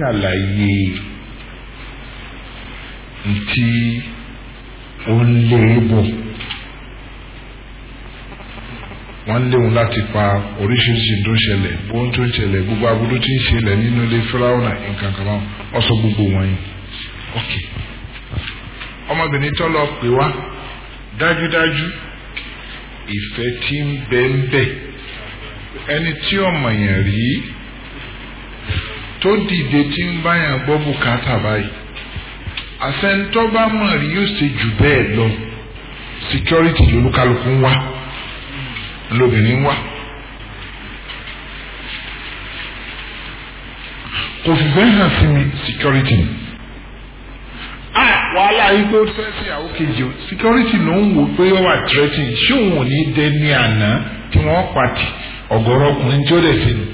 ṣàlàyé ntí wọ́n lé bò wọ́n léwu láti pa oríṣiríṣi tó ń ṣẹlẹ̀ bó ń tó ń ṣẹlẹ̀ gbogbo aburú tí ń ṣẹlẹ̀ nínú ilé fúláwọnà nǹkan kan náà wọ́n sọ gbogbo wọn yìí ok ọmọbìnrin tó lọ pè wá dájúdájú ìfẹ́ tí ń bẹ́ẹ̀ bẹ́ẹ̀ ẹni tí ọmọ yẹn rí tó dìde tí ń báyàn gbọ́ bùkátà báyìí àfẹnutọ́ bá mọ̀ rí yóò ṣe jù bẹ́ẹ̀ lọ security lolúkálukú ń wá lóbìnrin ń wá. kò sì fẹ́ hàn sí mi security ni. wàhálà yìí pé ó fẹ́ sí àwọn kejì o security ló ń wò pé ó wà threatening ṣé òun ò ní dé ní àná tí wọ́n pàtì ọ̀gọ̀rọ̀ ọkùnrin tí ó dẹ̀ sí ni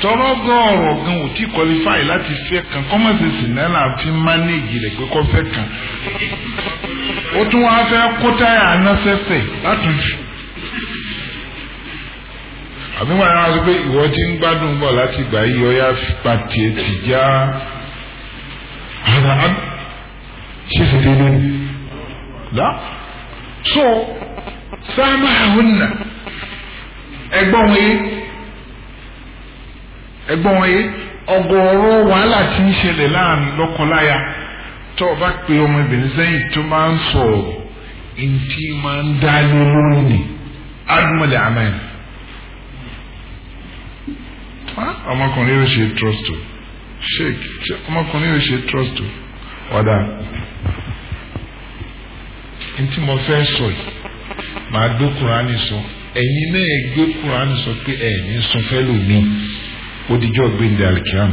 tọrọ gọọrọ gan ò tí qualify láti fẹ́ kan kọmọsí sinẹlà fi manage rẹ pé kọ fẹ́ kan ó tún wá fẹ́ kó táyà anásẹsẹ látúntù àbí wọn yàrá sọ pé ìwọ ti ń gbádùn bọ̀ láti gbà yí ọyá fipá tiẹ̀ ti já ara ṣe ṣe dé lónìí dá so sáà máa hùn nà ẹ̀gbọ́n wọn yìí ẹ̀gbọ́n wọn yìí ọ̀gọ̀ọ̀rọ̀ wàhálà tí ń ṣẹlẹ̀ láàrin lọ́kọláya tó o bá pe ọmọbìnrin sẹ́yìn tó máa ń sọ̀rọ̀ ntí máa ń dá lé lórí ni adumọlẹ amen ọmọkùnrin yóò ṣe trust o sheik ọmọkùnrin yóò ṣe trust o ọ̀dà ntí mo fẹ́ sọ yìí màá dókùnrin á ní sọ ẹ̀yin náà gbé kùnrin á sọ pé ẹ̀yin sọ fẹ́ lómi. Odijọ di jọ́ gbẹ̀ndẹ̀ alikiam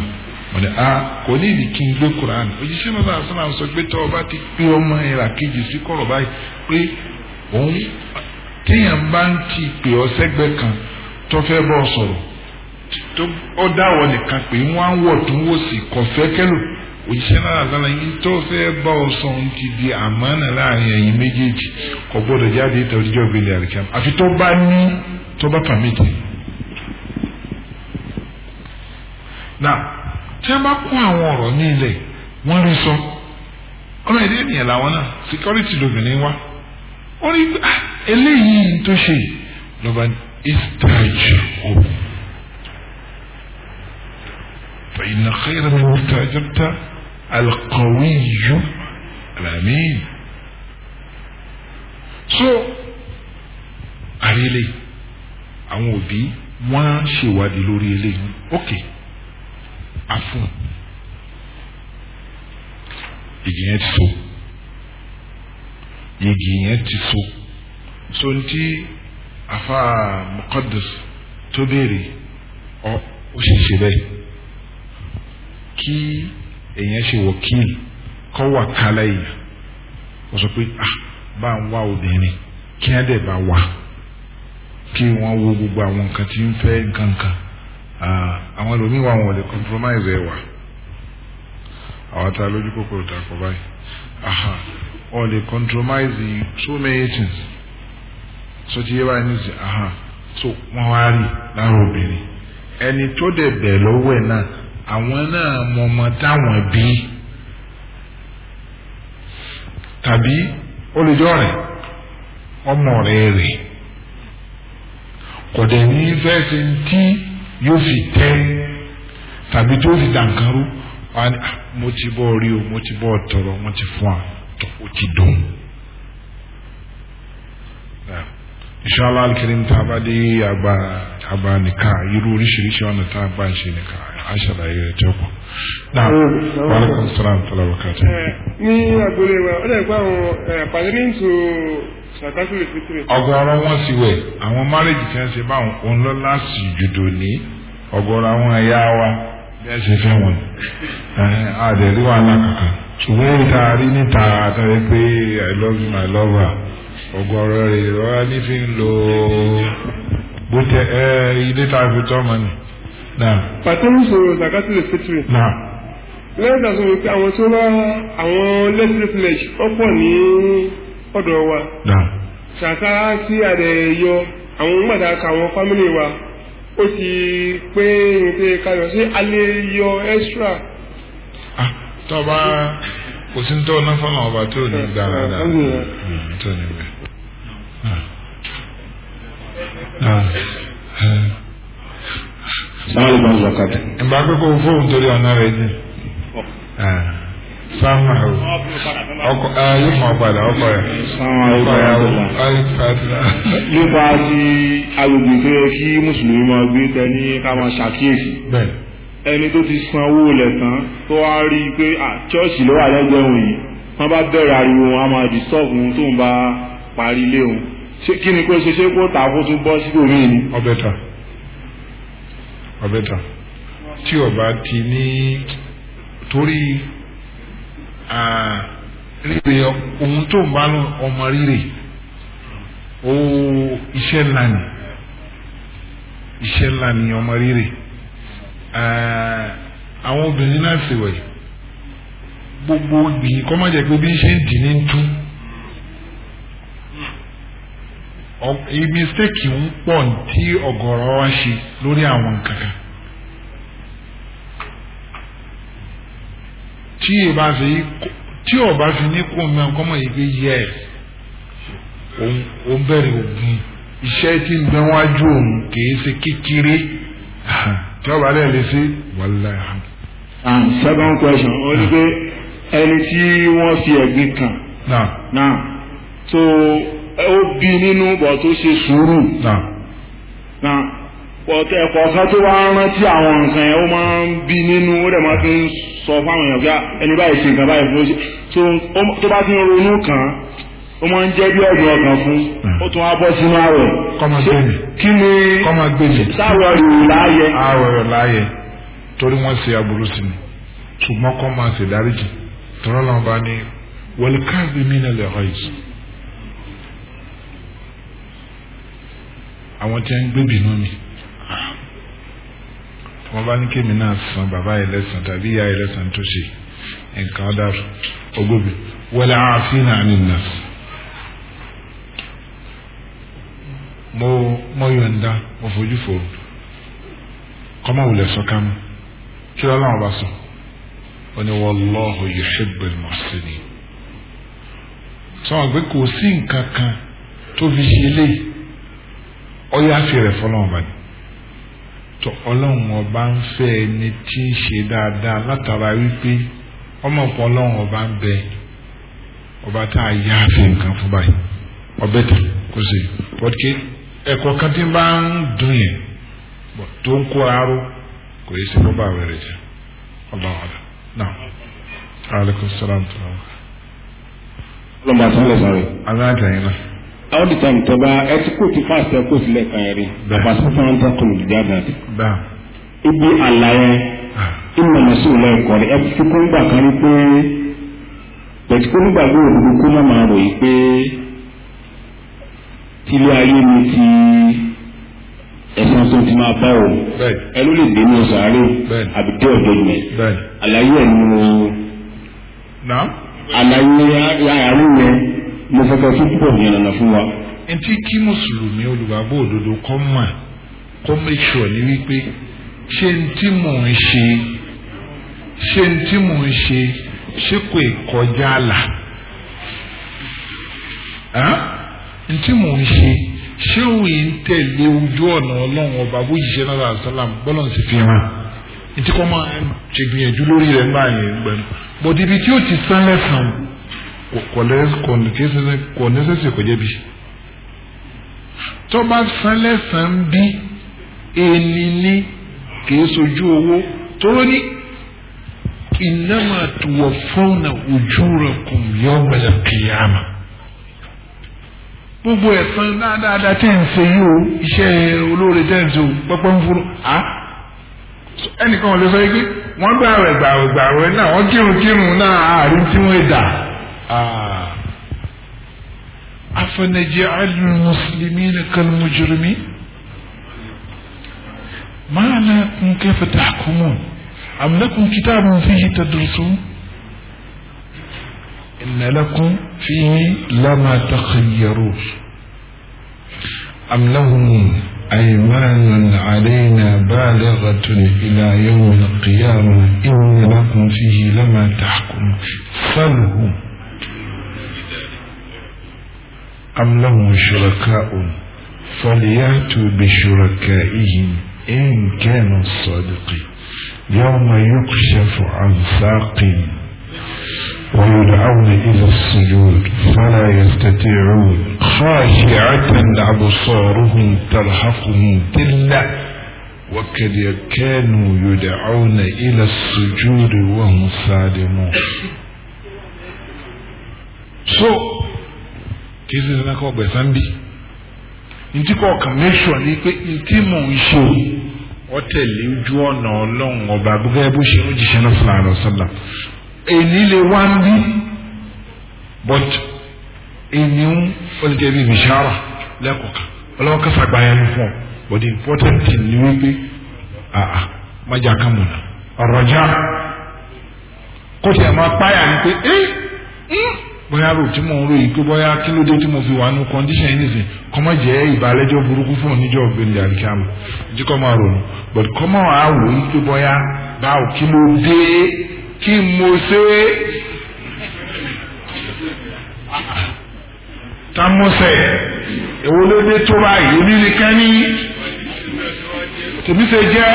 wọ́n ah, kò ní ìdí kí n gbé Quran òjíṣẹ́ náà náà sọ́nà sọ pé tọ́ ọba ti pé ọmọ ẹ̀rà kejì sí kọ̀rọ̀ báyìí pé òun téèyàn bá ń ti pè ọ́ sẹ́gbẹ́ kan tó fẹ́ bọ́ sọ̀rọ̀ tó ó dáwọ́ nìkan pé wọ́n á wọ̀ tó ń wò sí kọ̀fẹ́ kẹ́lò òjíṣẹ́ náà sọ́nà yìí tó fẹ́ bá ọ sọ ń ti di àmánà láàrin now tí wọ́n bá kó àwọn ọ̀rọ̀ ní ilẹ̀ wọ́n rí sọ ọmọ ẹ̀dẹ́ ènìyàn làwọn náà security lóbìnrin wá wọ́n rí pé ah, eléyìí tó ṣe lọ́ba ìtajà òun. فإن خير من استأجرت القوي الأمين so àrí eléyìí àwọn òbí wọ́n á ṣèwádìí lórí eléyìí okay afọ igi yẹn ti so igi ti so so nti afa mukadus tó béèrè ọ ó sì ṣe bẹ́ẹ̀ kí èèyàn ṣe wọ̀kíìlì kọ́ wà kálá yìí wọ́n sọ pé ah bá ń wá obìnrin kí á dẹ̀ bá wà kí wọ́n gbogbo àwọn nǹkan tí ń fẹ́ àwọn ẹlòmíì wà wọn ò lè compromise ẹwà àwọn ta lójú kòkòrò ta kọ báyìí aha wọn ò lè compromise so many things so ti yé báyìí ní sè aha so wọn wá rí lára obìnrin ẹni tó dẹ̀ bẹ̀ lọ́wọ́ ẹ̀ náà àwọn náà mọ̀mọ́ táwọn bí tàbí olùjọ́ rẹ̀ ọmọ rẹ̀ rè kò dẹ̀ ní fẹ́ ṣe ń tí. yóò fi tẹ́ tàbí tó fi dànkárú wà ní ah, mo ti bọ́ rí o mo ti bọ́ tọrọ wọ́n ti fún wa o ti dùn. inshallah alikirim tá a bá dé àgbà àgbà nìka irú oríṣiríṣi ọ̀nà tá a bá ń ṣe nìka aṣàlàyé rẹ̀ tó kù. náà wàlúkọ̀ sọ̀rọ̀ àǹtọ̀lá wákàtí. ní àgbèrè wa ọ̀rẹ́ ìgbà wọn pàdé ní ìtò ọ̀gọ̀rọ̀ wọn sì wẹ àwọn márèjì tí wọn ṣe báwọn òun lọ láti jùdò ní ọ̀gọ̀rọ̀ àwọn ẹyà wa bí ẹ ṣe fẹ́ wọn àdẹ̀rí wàhálà kankan ṣùgbọ́n èyí rí níta àtàrí pé i love you my lover ọ̀gọ̀rọ̀ rẹ̀ rọra ní fi ń lo bó tẹ ẹ ilé tá a fi tọ́ ọmọ ni. pàtó ń sọ̀rọ̀ zakatu lè fitiri lẹ́yìn ìdásọ̀rọ̀ pé àwọn tó rán àwọn lẹ́sìrì fúnlẹ̀ ọ̀pọ̀ ní. ọ̀dọ̀ wa ṣàkárá sí àdẹ yọ àwọn gbàdá ka àwọn fámìlì wa ó ti pé nípe káyọ sí alẹ́ yọ extra. Ah, tọ́ba kò sí tó ná ọba tó ní dáadáa ah, hmm, tó ní Ìgbà pípọ̀ ah. fóònù torí ọ̀nà rẹ̀ oh. sáwọn ẹ̀rọ ọkọ yóò máa padà ọkọ rẹ̀ ọkọ rẹ̀ alifadila. nípa ti agbègbè tó yẹ kí mùsùlùmí máa gbé tẹ ní ká máa ṣàkíyèsí. ẹni tó ti san owó rẹ̀ tán tó wá rí i pé ṣọ́ọ̀ṣì ló wà lẹ́gbẹ̀ẹ́ òun yìí wọ́n bá bẹ̀rẹ̀ ariwo wọn a máa disturb òun tó ń bá parí ilé òun ṣé kí ni kó ṣe ṣé kó tà kó tún bọ́ síbò mí ni. ọbẹ̀ tà ọbẹ̀ tà tí ọba ti ní torí. rírè ah, ohun tó ń bá ọmọ rírè ó iṣẹ ńlá ni iṣẹ ńlá ni ọmọ rírè ah, àwọn obìnrin náà sì gbogbo gbìyìn kọ́ má jẹ́ pé ṣe ń dì ní tú mistake ń pọ̀ tí wa ṣe lórí àwọn kankan. tí ìbá fi tí ọba fi ní kó mi àwọn ọmọ yìí pé yẹ òun bẹ̀rẹ̀ ògùn iṣẹ́ tí ń bẹ wájú òun kìí ṣe kékeré tí ọba rẹ̀ lè ṣe wàlá. and second question ó ní pé ẹni tí wọ́n fi ẹ̀gbin kàn náà tó ó bí nínú bọ̀ tó ṣe sùúrù náà pọ̀tẹ́ ẹ̀kọ̀ọ̀kan tó wá rántí àwọn nǹkan ẹ̀ ó máa ń bí nínú ó dẹ̀ máa fi ń sọ fáwọn èèyàn pé ah, ẹni báyìí ṣe nǹkan báyìí fún ṣe tó bá ti ń ronú kàn án ó máa ń jẹ́ bí ọ̀gbìn ọ̀gàn fún hmm. ó tún wá bọ́ sínú àwẹ̀. kọ́mọ gbèmí kí kọ́mọ gbèmí sáwọ̀ rẹ̀ láàyè. àwọ̀ rẹ̀ láàyè torí wọ́n ṣe aburú sí mi ṣùgbọ́n kọ́ máa ṣe dáríjì tọ́lọ́ àwọn tí wọ́n ń gbébìnú mi wọ́n bá ní kémi náà san bàbá yẹn lẹ́sàn tàbí ìyá yẹn lẹ́sàn tó ṣe nǹkan dàrú ogóbi wọlé ààfin náà ní nà. mo mo yọ̀ǹda mo fojú fò kọ́mọ wulẹ̀ sọ ká mọ́ kí lọ́lọ́run bá sọ ó ní wallahu yuhibbul muhsinin sọ́wọ́n pé kò sí nǹkan kan tó fi ṣe lé ọyá fi rẹ̀ fọlọ́wọ́n bá ní. tó ọlọ́run ọba ń fẹ́ ẹni tí ń ṣe dáadáa látara wípé ọmọ ọ̀pọ̀ ọlọ́run ọba ń bẹ ọba tá a yá fi nǹkan fún báyìí ọbẹ̀ tẹ̀ kó ẹ̀kọ́ kan tí tó ń kó aró kò yẹ sí bọ́bá ọba all the time tọba ẹ ti kó e ti fast ẹ nri. sílẹ̀ kan rí pàṣẹ fún ọ̀ntà tó lù jáde ibi àlàyé ah. ìmọ̀nà sí ìlọ ẹ̀kọ́ rẹ̀ ẹ fi kó nígbà kan rí pé pẹ̀tí kó nígbà lóò dúró kó ti ẹ̀sán tó ti máa bá òun ẹ ló lè dé ní ọ̀sán mo fẹ́ kẹ́ tún pọ̀ yẹn lọ́nà fún wa. etí kí mùsùlùmí olùgbàgbọ́ òdodo kọ́ mà kó make ni wípé ṣé n tí mò ń ṣe ṣé n tí mò ń ṣe ṣé kò kọjá àlà n tí mò ń ṣe ṣé òye ń tẹ̀lé ojú ọ̀nà ọlọ́run ọba bó yìí ṣe náà rà sálàm bọ́lá ń sì fi hàn n tí kò máa ṣègbìyànjú lórí rẹ̀ ń báyìí gbẹ̀mí bọ̀dìbí tí ó ti sán lẹ́sàn-án kò nẹ́sẹ̀sì kò jẹ̀bi tó bá san lẹ́sàn-án bí ẹni ní kìí sojú owó tóró ní ìnáma tuwọ̀ fọ́nà ojú rẹ̀ kùn yọ wẹ̀lẹ̀ gbogbo ẹ̀sán dáadáa tẹ̀ ń ṣe yìí o iṣẹ́ olóore tẹ̀ ń ṣe o pẹ́pẹ́ ń fúru á ẹnìkan ò lè sọ yìí pé wọ́n gbààwẹ̀ gbààwẹ̀ gbààwẹ̀ náà wọ́n kírun kírun náà àárín tí wọ́n dà. آه أفنجعل المسلمين كالمجرمين ما لكم كيف تحكمون أم لكم كتاب فيه تدرسون إن لكم فيه لما تخيرون أم لهم أيمان علينا بالغة إلى يوم القيامة إن لكم فيه لما تحكم سلهم أم لهم شركاء فليأتوا بشركائهم إن كانوا صادقين يوم يكشف عن ساق ويدعون إلى السجود فلا يستطيعون خاشعة أبصارهم ترهقهم تلة وقد كانوا يدعون إلى السجود وهم سالمون. So kì í sì nana kọ́ gbẹ̀sán bí ntí kọ́ kàn mẹ́sọ̀ ni pé ntí mò ń ṣe ọ tẹ̀lé ojú ọ̀nà ọlọ́run ọba gbogbo bó ṣe ń jíṣẹ́ náà fúnra rẹ̀ sọ́la èyí lè wá ń bí but èyí ń olùjẹ́ bíi bìṣára lẹ́kọ̀ọ́kan ọlọ́run kẹfà gbáyà ní fún ọ but the important thing ni wípé àà májà kàmùnà ọ̀rọ̀ já kó tiẹ̀ máa páyà ni pé ẹ́ bóyá rò tí mò ń ròyìn pé bóyá kí ló dé tí mo fi wà nù kọ́ndíṣàn yìí nìsín kọ́mọ jẹ́ ìbálẹ́jọ́ burúkú fún oníjọ́ gbẹ̀ndẹ̀ àríkàmù jí kọ́ máa but kọ́mọ àwò yìí pé bóyá báwo kí ló dé kí mo ṣe é tamọ́sẹ̀ èwo ló dé tó báyìí èmi nìkan ní tèmi ṣe jẹ́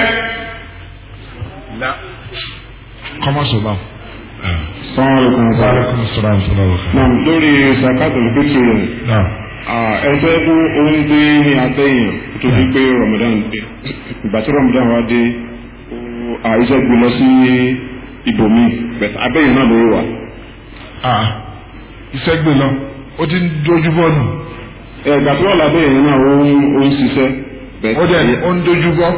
kọ́mọ sọ̀báwò sàmàlùkùn sàmàlùkùn sàmàlùkùn. lórí sàkàtà ìgbésí rẹ̀ ẹ̀fẹ́ bú òun dé ní àtẹ̀yìn tó fi gbé Ramadan dé ìgbà tí Ramadan wá dé àìsàn gbé lọ sí ibòmí bẹ̀tẹ̀ abẹ́yìn náà ló wà. iṣẹ́ gbé lọ ó ti ń dojú bọ́ọ̀lù. ẹ̀gbà tó wà lábẹ́ yẹn náà ó ń ṣiṣẹ́. ó dẹ̀ ó ń dojú bọ́.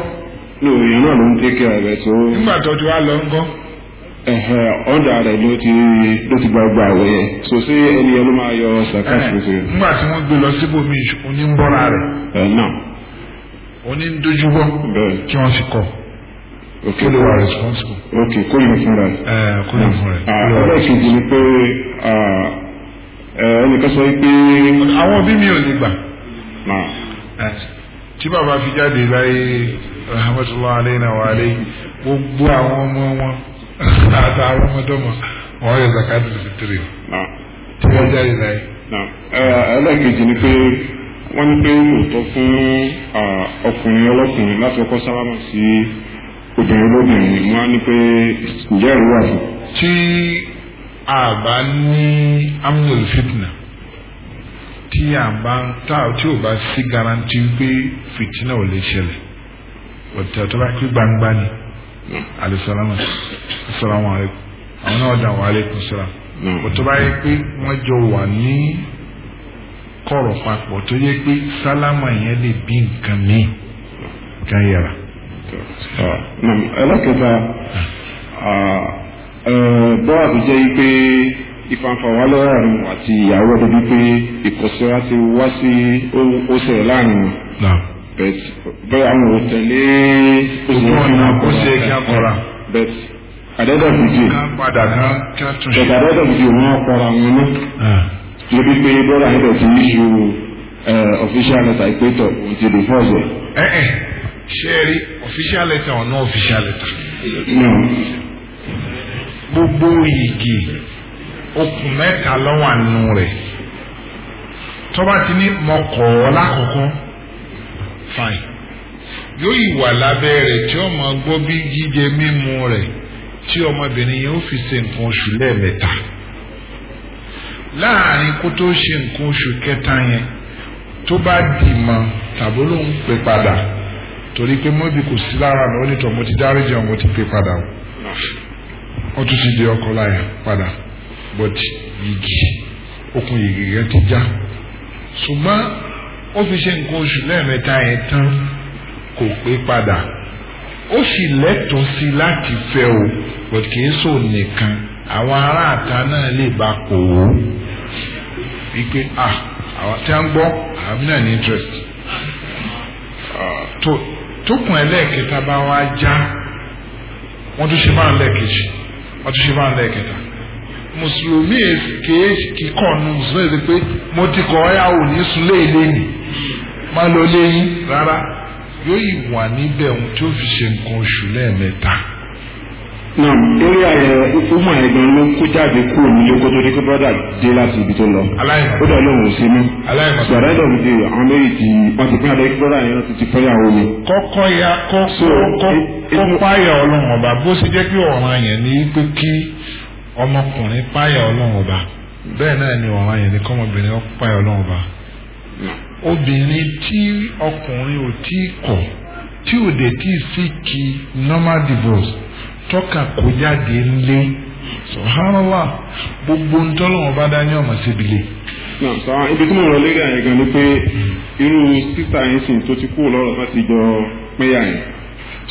ní òòyìn náà ló ń tẹ́kẹ̀ rẹ̀ tó. nígbà tó ti wá lọ ń gọ́. Ọ ọ̀dà rẹ̀ ló ti ló ti so ṣé ẹni ẹ ló máa yọ ṣàkà nígbà tí wọ́n gbé lọ síbòmí onímbọ́ra rẹ̀. ẹ kí wọ́n sì ok ok kó kó kejì ni pé ẹnìkan sọ pé. àwọn òbí mi ò ní gbà. tí bàbá fi jáde láyé gbogbo àwọn àtàwọn ọmọdọ́mọ wọn yọ zakati fitiri tí wọ́n jáde láyé. ẹlẹ́gẹ̀jì ni pé wọ́n ní pé òótọ́ fún ọkùnrin ọlọ́kùnrin láti ọkọ sálámà sí obìnrin olóbìnrin wọ́n ní pé ǹjẹ́ tí a bá ní amnul fitna tí a bá ń ta tí o bá sí garanti pé fitna ò lè ṣẹlẹ̀ ọ̀tẹ̀ bá pé alisalama asalaamu aleykum àwọn náà dàn wà aleykum salaam òtò bá yẹ pé wọ́n jọ wà ní kọ̀rọ̀ papọ̀ tó yẹ pé sálámà yẹn lè bí nǹkan míì nǹkan yẹra. ẹlẹ́kẹta bọ́wà tó jẹ́ pé ìfànfà wà lọ́rùn àti ìyàwó ọdún bíi pé ìkọ̀sọ́ra ti wá sí ó ṣẹlẹ̀ láàrin wọn but bẹ́ẹ̀ àwọn ò tẹ̀lé ojú ọ̀nà kó ṣe kí a kọ́ra. but àdọ́dọ̀ fìdí but àdọ́dọ̀ fìdí wọn kọ́ra wọn ní. níbi pé bọ́lá yẹn ti ní ju official letter pé tọ̀ òun ti lè fọ́ ọ̀sẹ̀. ẹ ẹ ṣé ẹ rí official letter or no official letter. gbogbo igi okùn mẹ́ta lọ́wọ́ àánú rẹ̀ tọ́ba ti ní mọ̀kọ́ lákòókò fine yóò ìwà lábẹ́ rẹ̀ tí ó máa gbọ́ bí jíjẹ mímu rẹ̀ tí ọmọbìnrin yẹn ó fi ṣe nǹkan oṣù lẹ́ẹ̀mẹ́ta láàrin kó tó ṣe nǹkan oṣù kẹta yẹn tó bá dì mọ́ tàbí ló pè padà torí pé mọ́bí kò sí lára mi ó ní tọ́ mo ti dáríjì ọ̀ mo ti pè padà o ó tún ti di ọkọ láyà padà bọ́tì yìgì okùn yìgì yẹn ti já ṣùgbọ́n ó fi ṣe nǹkan oṣù lẹ́ẹ̀mẹ́ta yẹn tán kò pé padà ó sì lẹ́tọ̀ọ́ sí láti fẹ́ o but kì í sò nìkan àwọn aráàta náà lè bá kò ó wípé ah àwọn tí a ń gbọ́ àwọn náà ní interest tókùn ẹlẹ́ẹ̀kẹta bá wá já wọ́n tún ṣe máa ń lẹ́ẹ̀kejì wọ́n tún ṣe máa ń lẹ́ẹ̀kẹta mùsùlùmí kìí kíkọ́ ọ̀nù mùsùlùmí ti pé mo ti kọ́ ẹ́ àwọn ò ní sùn léèlé e nìí má lọ léyìn rárá yóò yìí wà níbẹ̀ ohun tí ó fi ṣe nǹkan oṣù lẹ́ẹ̀mẹ́ta. náà eré ayẹ ọmọ ẹ̀gbọ́n ló kó jáde kúrò nílé kó tó dé kó bọ́dà dé láti ibi tó lọ. aláìmọ̀ ó dọ̀ lóhùn sí mi. aláìmọ̀ sọ sọ̀rọ̀ ẹ̀dọ̀ mi ti àwọn méjì tí wọ́n ti pàdé kí bọ́dà yẹn ti fẹ́ yàwó mi. kọ́kọ́ ya kọ́ páyà ọlọ́run ọba bó ṣe jẹ́ pé ọ̀ràn yẹn ni pé kí ọmọkùnrin páyà ọlọ́run ọba bẹ́ẹ̀ náà ni ọ̀ràn yẹn ni kọ́mọbìnrin páyà ọlọ́run ọba obìnrin tí ọkùnrin ò tí kọ̀ tí ò dé tí sí kí normal divorce tọ́ka kó jáde ńlé subhanallah gbogbo ntọ́lọ́wọ́n bá dá ní ọmọ síbi lé. ibi tí mo rọ lórí àyè gan ni pé irú sísá yẹn sìn tó ti kú lọ́rọ̀ láti jọ péyà yẹn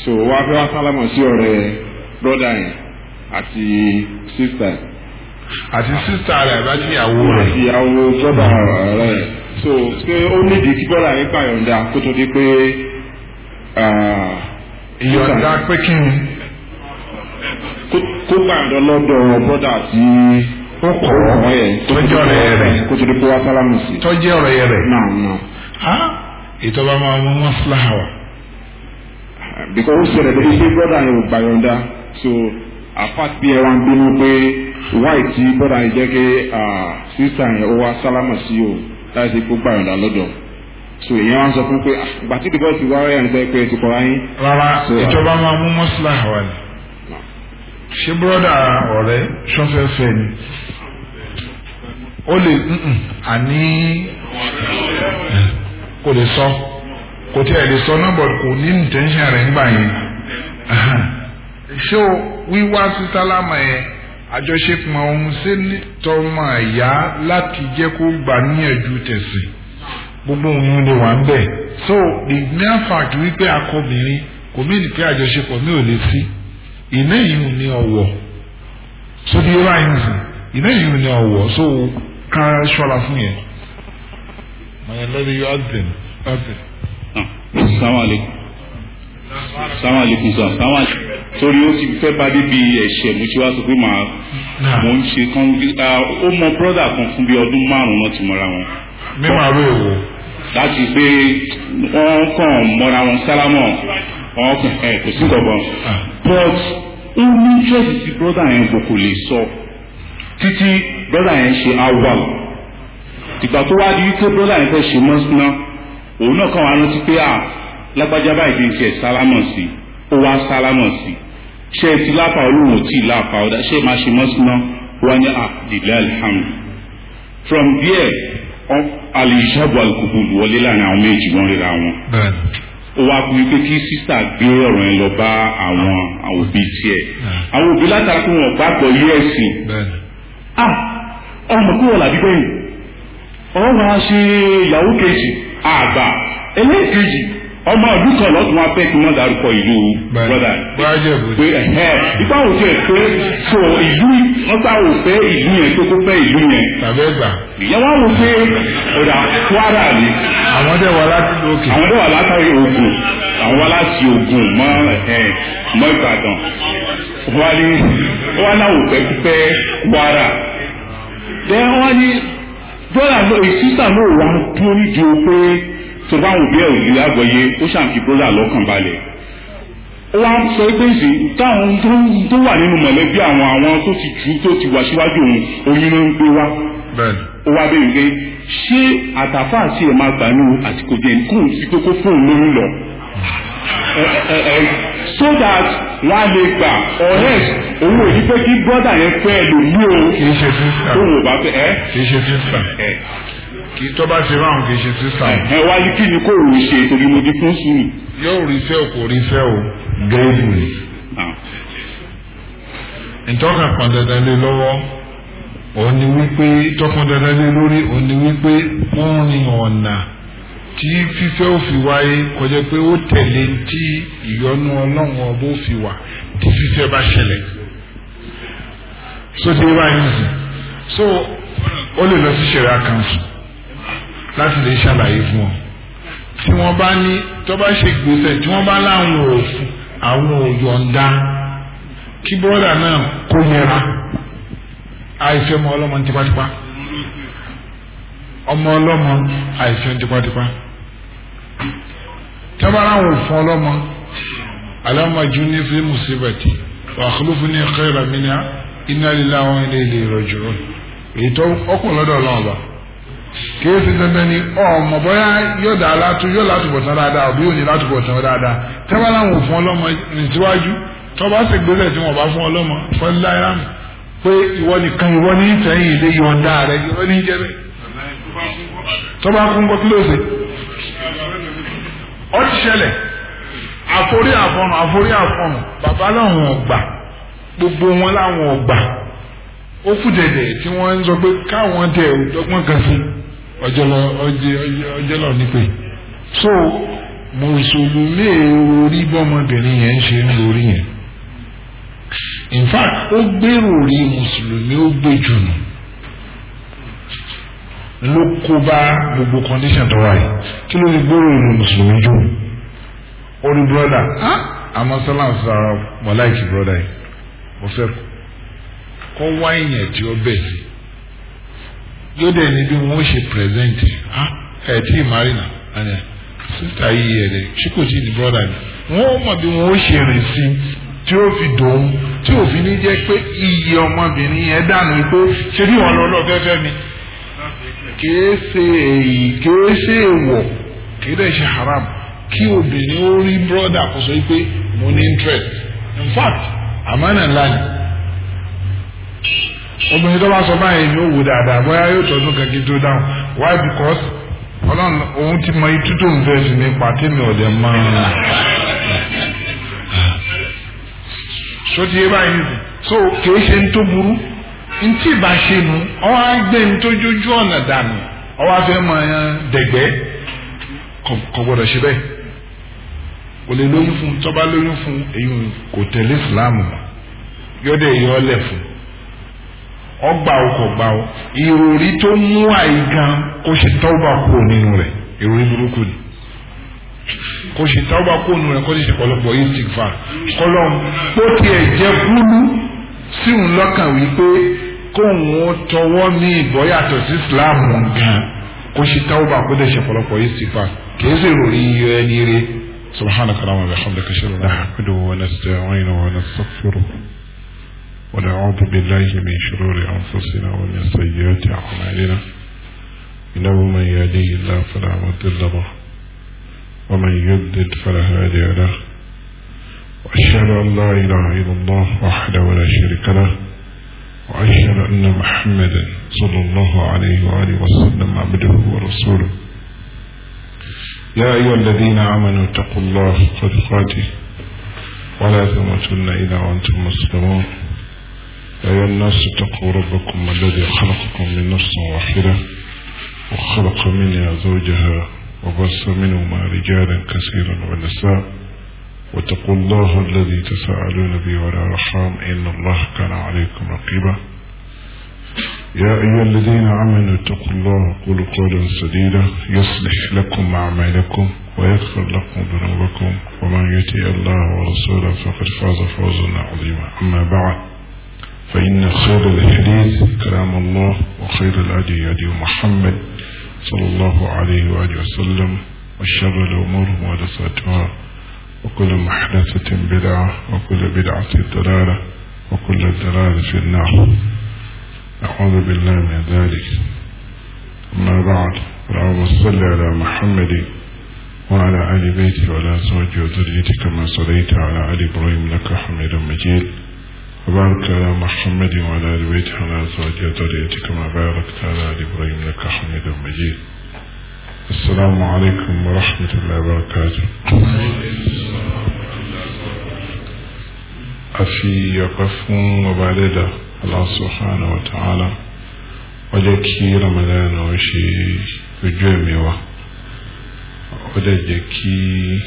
so wá fẹ́ wá sálámà sí ọ̀rẹ́ brọ́dà yẹn àti sísá. àti sísá rẹ̀ bá ti yàwó rẹ̀. ìyàwó brọ́dà rẹ̀. so ṣé ó nídìí kí bọ́lá yín gbàyọ̀ǹda kó di pé. ìyọ̀ǹda pé kí ni. kó gbàyọ̀ǹda lọ́dọ̀ bọ́dà tí ó kọ̀ ọ́ di pé wá sálámù sí. ọ̀rẹ́ rẹ̀. náà náà. ìtọ́ba because ó ṣẹlẹ̀ bọ́dà ò so bí bínú pé tí bọ́dà jẹ́ kí o. a sí gbogbo lọ́dọ̀ so èèyàn wá sọ fún pé ah, bàtí ìdìbò ti wá rẹ̀ nípa ti kọ́ra yín. rárá uh, ìjọba máa mú mọ́sílá wà ní. ṣé bọ́dà ọ̀rẹ́ ni ó lè àní kò lè sọ kò tí ẹ̀ lè sọ náà bọ̀ kò ní intention rẹ̀ nígbà yẹn ṣé wíwá sí sálámà yẹn. àjọṣepọ̀ ọ̀hún sénítọ̀ máa yá láti jẹ́ kó gbà níyànjú tẹ̀sìn gbogbo òun lè wà ń bẹ̀ so the mere fact wípé akọbìnrin kò mìíràn pé àjọṣepọ̀ mi ò lè sí ìná ìhun ni ọ̀wọ̀ so the right reason ìná ìhun ni ọ̀wọ̀ so ká ṣọ́ra fún yẹn. my lady you ask them ask them. assalamu sáwọn àlékún sàn sáwọn àlékún torí ó ti fẹ́ bá débi ẹ̀ṣẹ̀ mo ti wá sọ pé màá mo ń ṣe kan ó mọ brọ́dà kan fún bí ọdún márùn-ún náà ti mọ́ra wọn. mímọ̀ rẹ̀ wò. láti pé wọ́n kàn mọ́ra wọn sálámọ̀ wọ́n ẹ̀ kò sí kankan ah. but ó ní ṣẹ́ẹ̀sì tí brọ́dà yẹn kò kò lè sọ títí brọ́dà yẹn ṣe awal ìgbà tó wá di wípé brọ́dà yẹn fẹ́ ṣe mọ́sánná òun náà kàn wá rántí pé à lágbájá báyìí bí n tiẹ̀ sálámọ̀ sí ó wá sálámọ̀ sí ṣé ti lápá olóhùn tí lápá ọ̀dà ṣé máa ṣe mọ́síná wọ́n ní àdìlẹ́ ah, alhamdu from there alìṣàbù alùpùpù wọlé láàrin àwọn méjì wọ́n ríra wọn ó wá kú wípé kí sísà gbé ọ̀rọ̀ yẹn lọ bá àwọn òbí tiẹ̀ àwọn òbí látàkù wọn gbàgbọ́ yẹ́sìn ah ọmọ kí wọ́n làbí bẹ́yìn ọ̀rọ̀ máa ṣe ìyàwó kejì àgbà ẹlẹ́ẹ̀kejì ọmọ ọdún kan lọ́sùn wa fẹ́ kí wọ́n darúkọ ìlú brọ́dà pé ẹ̀ ipa ò fẹ́ pé so ìlú wọ́n sá ò fẹ́ ìlú yẹn tó kó fẹ́ ìlú yẹn. tàbí ẹgbà. ìyẹn wọn wò pé ọ̀dà kwara ni. àwọn dẹ̀ wà láti òkè. àwọn dẹ̀ wà látàrí Ògùn àwọn wà láti Ògùn mọ́ ẹ̀ mọ́ Ìbàdàn wọ́n ní wọ́n náà ò fẹ́ fẹ́ kwara. bẹ́ẹ̀ wọ́n ní brọ́dà sísà náà wà tó nídìí o pé tó bá wọn bí ẹ ò sí lágbọ̀ọ́yé ó ṣàǹfi broda lọ́kàn balẹ̀ ó wá sọ pé ìsìn táwọn tó wà nínú mọ̀lẹ́bí àwọn àwọn tó ti jù tó ti wà síwájú òun oyún ló ń gbé wá ó wá bẹ́ẹ̀ pé ṣé àtàfà àti ẹ̀ máa gbà nínú àsìkò jẹ́ kóun ti kókó fóun lóyún lọ so that wọ́n á lè gbà ọ̀rẹ́ òun ò ní pé kí brọ́dà yẹn fẹ́ lò ní o. kì í ṣe fífà. òun ò bá fẹ́ ẹ́. kì í ṣe fífà kì í tó bá ṣe báwọn kì í ṣe sísà. ẹ wá yí kí ni kò rí ṣe torí mo di fún sùúrù. yóò rí iṣẹ́ o kò rí iṣẹ́ o gẹ́gẹ́ ah. ìtọ́ka kan dandan lé lọ́wọ́ òun ni wípé tọ́kan dandan lé lórí òun wípé wọ́n rin ọ̀nà tí fífẹ́ ò fi wáyé kọjá pé ó tẹ̀lé tí ìyọnu ọlọ́run ọba ò fi wà tí fífẹ́ bá ṣẹlẹ̀ so ti wáyé nìyí so ó lè lọ sí ṣẹ̀ríà kanṣu láti lè ṣàlàyé fún wọn tí wọ́n bá ní tó bá ṣe gbèsè tí wọ́n bá láwọn ò fún àwọn ò yọ̀ǹda kí bọ́dà náà kó yẹra àìfẹ́ ọmọ ọlọ́mọ tipátipá ọmọ ọlọ́mọ àìfẹ́ tipátipá tí wọ́n bá láwọn ò fún ọlọ́mọ alámọ̀jú ní fi mùsíbàtì wa akhlufni khayran minha inna lillahi wa inna ilayhi èyí tó ọkùnrin lọ́dọ̀ ọlọ́mọba kìí ṣe dandan ni ọmọ bọ́yá yóò dá látú yóò látúbọ̀ tán dáadáa òbí òní látúbọ̀ tán dáadáa tẹ́wọ́n láwọn fún ọlọ́mọ níṣíwájú tó bá sì gbélé tí wọ́n bá fún ọlọ́mọ fọlá ìrámù pé ìwọ nìkan ìwọ ní ìtẹ̀yìn ilé yọ̀ǹda rẹ ìwọ ní jẹ́ bẹ́ẹ̀ tó bá kún bọ́ kílóòsè ó ti ṣẹlẹ̀ àforí àfọ̀nù àforí àfọ̀nù bàbá làwọn ọ̀gbà gbogbo wọn làwọn ọ̀gbà ó kù dẹ̀dẹ̀ tí wọ́n ń sọ pé káwọn tẹ̀ ọ̀dọ́gbọ́n kan sí ọjọ́lọ ọjọ́lọ nípe so mùsùlùmí orí bọ́mọbìnrin yẹn ń ṣe ń lórí yẹn in fact ó gbèrò rí mùsùlùmí ó gbé jù nù ló kó bá gbogbo condition tó wáyé kí ló fi gbèrò ìlú mùsùlùmí jù orí brọ́dà àmọ́ sálàmù sàrọ̀ mọ̀láìkì yìí mo fẹ́ kọ́ wáìnì ẹ̀ tí ó bẹ̀ sí yóò dẹ̀ ní bí wọ́n ṣe present ẹ̀ tí marina ẹ̀ sísá yìí ẹ̀ dẹ̀ ṣé kò sí ní brọ́dà ni wọ́n mọ̀ bí wọ́n ṣe rìn sí tí ó fi dòun tí òfin ní jẹ́ pé iye ọmọbìnrin yẹn dànù pé ṣé bí wọ́n lọ lọ fẹ́fẹ́ mi kìí ṣe èyí kìí ṣe èwọ̀ kìí dẹ̀ ṣe haram kí obìnrin ó rí brọ́dà kó sọ pé mo ní interest in fact àmánà ńlá ni obìnrin tó bá sọ báyìí ni ó wù dáadáa bóyá yóò tọ́jú kankan tó dáhùn why because ọlọ́run òun ti mọ itú tó ní pàtí mi ò máa ń sọtí yé báyìí nìyí so kìí ṣe ń tó burú ntí ìbá ṣe nu ọwọ́ á gbé ń tójójú ọ̀nà dànù ọwọ́ á fẹ́ mọ dẹ̀gbẹ́ kò gbọ́dọ̀ ṣe bẹ́ẹ̀ kò lè lóyún fún tọ́ba lóyún fún èyí kò tẹ̀lé ìsìláàmù yọ́dẹ̀ yọ́ lẹ̀ fún un ọgbà o kò gbà o ìròrí tó mú àìgan kó ṣe tọ́gbà kúrò nínú rẹ̀ ìròrí burúkú ni kò sì tọ́gbà kó nu rẹ̀ kó sì ṣe pọ̀lọpọ̀ istigfar kọlọ́n kó tiẹ̀ jẹ́ kúlú sí òun lọ́kàn wípé kóun ó tọwọ́ ní ìbọ́yàtọ̀ sí Islam gan kó sì tọ́gbà kó dẹ̀ ṣe pọ̀lọpọ̀ istigfar kìí sì rò rí iye ẹni rẹ̀ subhanaka wa bihamdika ashhadu an wa atubu ونعوذ بالله من شرور أنفسنا ومن سيئات أعمالنا إنه من يهديه الله فلا مضل له ومن يضلل فلا هادي له وأشهد أن لا إله إلا الله وحده ولا شريك له وأشهد أن محمدا صلى الله عليه وآله وسلم عبده ورسوله يا أيها الذين آمنوا اتقوا الله قد خاته ولا تموتن إلا وأنتم مسلمون يا الناس اتقوا ربكم الذي خلقكم من نفس واحدة وخلق منها زوجها وبس منهما رجالا كثيرا ونساء واتقوا الله الذي تساءلون به ولا رحام إن الله كان عليكم رقيبا يا أيها الذين آمنوا اتقوا الله قولوا قولا سديدا يصلح لكم أعمالكم ويغفر لكم ذنوبكم ومن يطع الله ورسوله فقد فاز فوزا عظيما أما بعد فإن خير الحديث كلام الله وخير الأدي هدي محمد صلى الله عليه وآله وسلم وشر الأمور محدثاتها وكل محدثة بدعة وكل بدعة ضلالة وكل ضلالة في النار أعوذ بالله من ذلك أما بعد اللهم صل على محمد وعلى آل بيته وعلى زوجي وذريته كما صليت على آل إبراهيم لك حميد مجيد وبارك على محمد وعلى آل بيته وعلى أزواجه وذريته كما باركت على آل إبراهيم إنك حميد مجيد السلام عليكم ورحمة الله وبركاته أفي يقفون وبالدة الله سبحانه وتعالى وجكي رمضان وشي يجمعه وجكي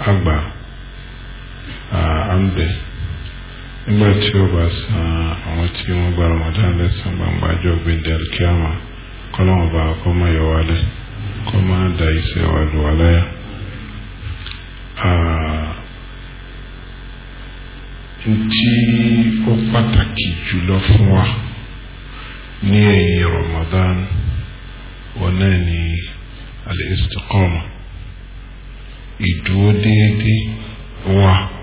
أكبر آه، أمده nígbà tí ó bá san àwọn tí wọ́n gba Ramadan lẹ́san gbangba ọjọ́ gbẹ̀ndẹ̀ alikiyama kọ́lọ́wọ́n bá kọ́ máa yọ wálẹ̀ kọ́ máa da iṣẹ́ wa lù wá láyà. ntí ó pàtàkì jùlọ fún wa ní ẹ̀yìn Ramadan wọn náà ní al-istiqama ìdúró déédéé wa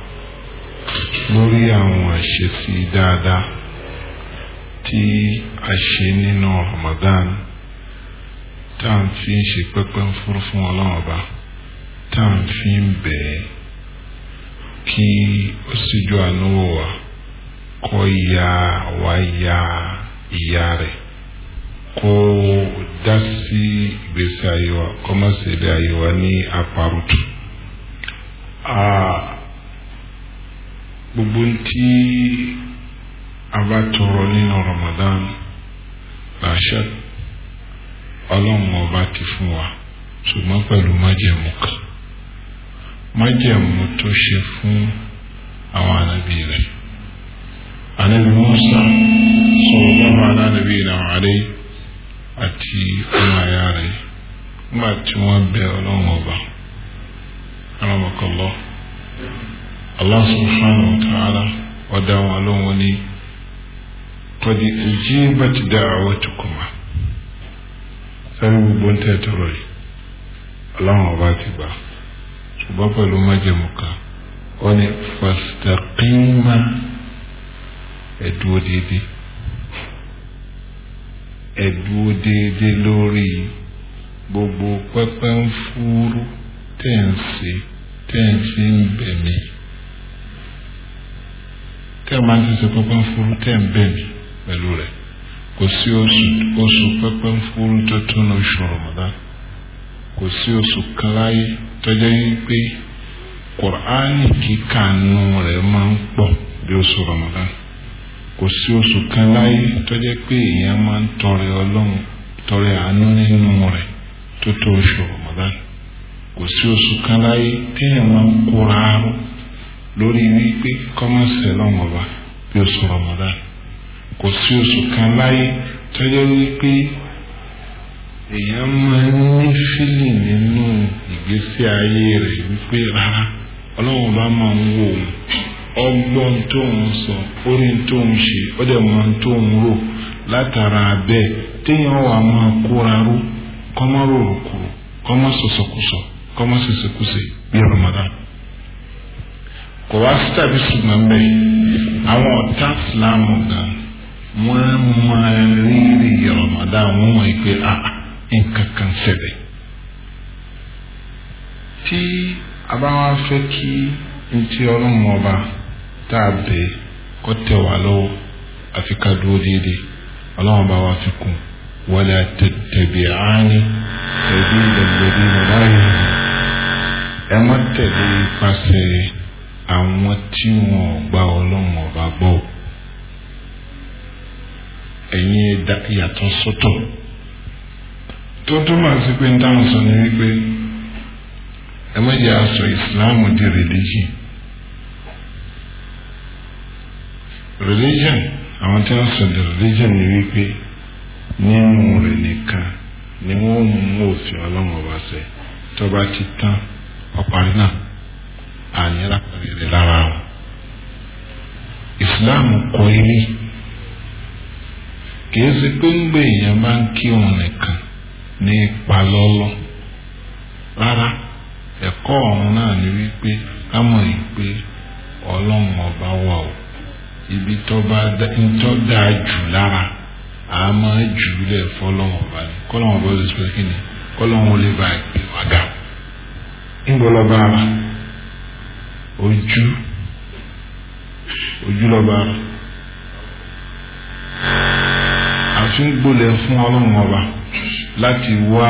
lórí àwọn àṣesí dáadáa tí a ṣe nínú Ramadan tá à ń fi ṣe pẹ́pẹ́ fúru fún ọlọ́run ọba tá à ń fi ń bẹ̀ẹ́ kí ó síjú àánú wa kó ya wá ya ìyá rẹ̀ kó dá sí ìgbésí ayé wa kó má ṣe lé ayé wa ní aparutu. Ah, gbogbo tí a nínú Ramadan làṣẹ ọlọ́run ọba ti fún wa ṣùgbọ́n pẹ̀lú májẹ̀mú kan májẹ̀mú tó ṣe fún àwọn ànábì rẹ̀ ànábì Musa sọ̀rọ̀ lọ́wọ́ ànábì náà àlẹ́ àti ọmọ àyà rẹ̀ nígbà tí wọ́n bẹ ọlọ́run Allah subhanahu wa ta'ala ọ̀dà wọn lóhùn wọn ni kọ́dí ìjì bá ti dá àwọn tó kùmà sáré gbogbo ń tẹ́ tọrọ yìí aláwọn ọba ti gbà ṣùgbọ́n pẹ̀lú májèmú kan ó ní fàstàkìmà ẹ̀dúró déédé gbogbo pẹ́pẹ́ ń fúrú tẹ̀ ń tẹ́ máa ń ṣiṣẹ́ pẹ́pẹ́ fún tẹ́ ń bẹ̀ mí pẹ̀lú rẹ̀ kò sí oṣù pẹ́pẹ́ fún tó tún oṣù rọ̀mọ́dá kò sí oṣù kan láyé tọ́jọ́ yín pé kùránì kíkà nù rẹ̀ máa ń pọ̀ bí oṣù rọ̀mọ́dá kò sí oṣù kan láyé pé èèyàn máa ń tọrẹ ọlọ́run tọrẹ àánú nínú rẹ̀ tó tó oṣù rọ̀mọ́dá kò sí oṣù kan téèyàn máa ń kóra arú lórí wípé kọ́mọ̀sì lọ́wọ́ ọba ní oṣù Ramadan kò sí oṣù kan láyé tọ́jú wípé èèyàn máa ń ní fílì nínú ìgbésí ayé rẹ̀ wípé rárá ọlọ́run bá máa ń wò ó ọgbọ́n tó ń sọ orí tó ń ṣe ó dẹ̀ máa ń tó ń rò látara téèyàn wà máa kóra rò kò wá sí tàbí ṣùgbọ́n bẹ́ẹ̀ àwọn ọ̀tá ìsìláàmù kan wọ́n máa rírì Ramadan wọ́n mọ̀ pé a ah, ah, nǹkan kan tí a bá wá fẹ́ kí n ti ọlọ́run ọba tá a bẹ̀ kọ́ tẹ̀ wá lọ́wọ́ àfi ká dúró déédéé ọlọ́run bá wá fi kún ẹ àwọn tí wọn gba ọlọ́run ọba gbọ́ ẹ̀yin sọ́tọ̀ tó sí pé ń dáhùn sọ ni wípé ẹ má islam aṣọ di religion religion àwọn tí wọ́n sọ di religion ni wípé nínú rẹ̀ nìkan ni wọ́n mú òfin àní rẹ̀ lára Islam kọ ilé kìí ṣe pé ń gbé èèyàn máa ń kírun nìkan ní ipa lọ́lọ́ rárá ẹ̀kọ́ ọ̀run náà ni wípé ká mọ̀ yìí ọba wà ibi tó bá tó lara jù lára a máa jù ú lẹ̀ fọlọ́run ọba ni kọ́lọ́run ọba ló sọ kí ni ojú ojú lọ́ba àfi ń gbolẹ̀ fún ọlọ́run ọba láti wá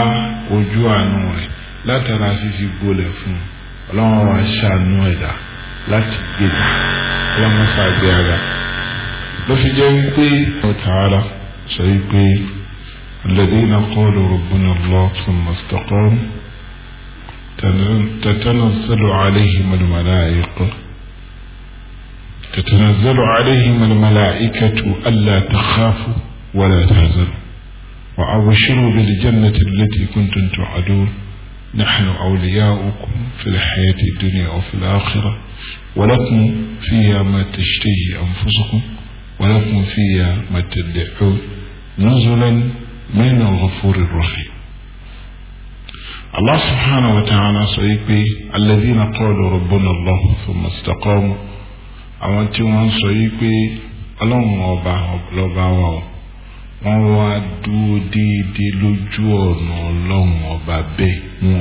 ojú àánú rẹ̀ látara fífi gbolẹ̀ fún ọlọ́run ọba ṣàánú ẹ̀dá láti gbèdà e. ọlọ́run ṣàgbé ara ló fi jẹ́ wípé ọ̀tàrà sọ wípé alladhina qalu rabbuna Allah thumma istaqamu. تتنزل عليهم الملائكة تتنزل عليهم الملائكة ألا تخافوا ولا تحزنوا وأبشروا بالجنة التي كنتم توعدون نحن أولياؤكم في الحياة الدنيا وفي الآخرة ولكم فيها ما تشتهي أنفسكم ولكم فيها ما تدعون نزلا من الغفور الرحيم Allah subhanahu wa ta'ala sọ yìí pé alladhina qalu rabbuna Allah thumma istaqamu àwọn tí wọ́n sọ yìí ọba wa o wá dúró déédéé lójú ọ̀nà ọba wọn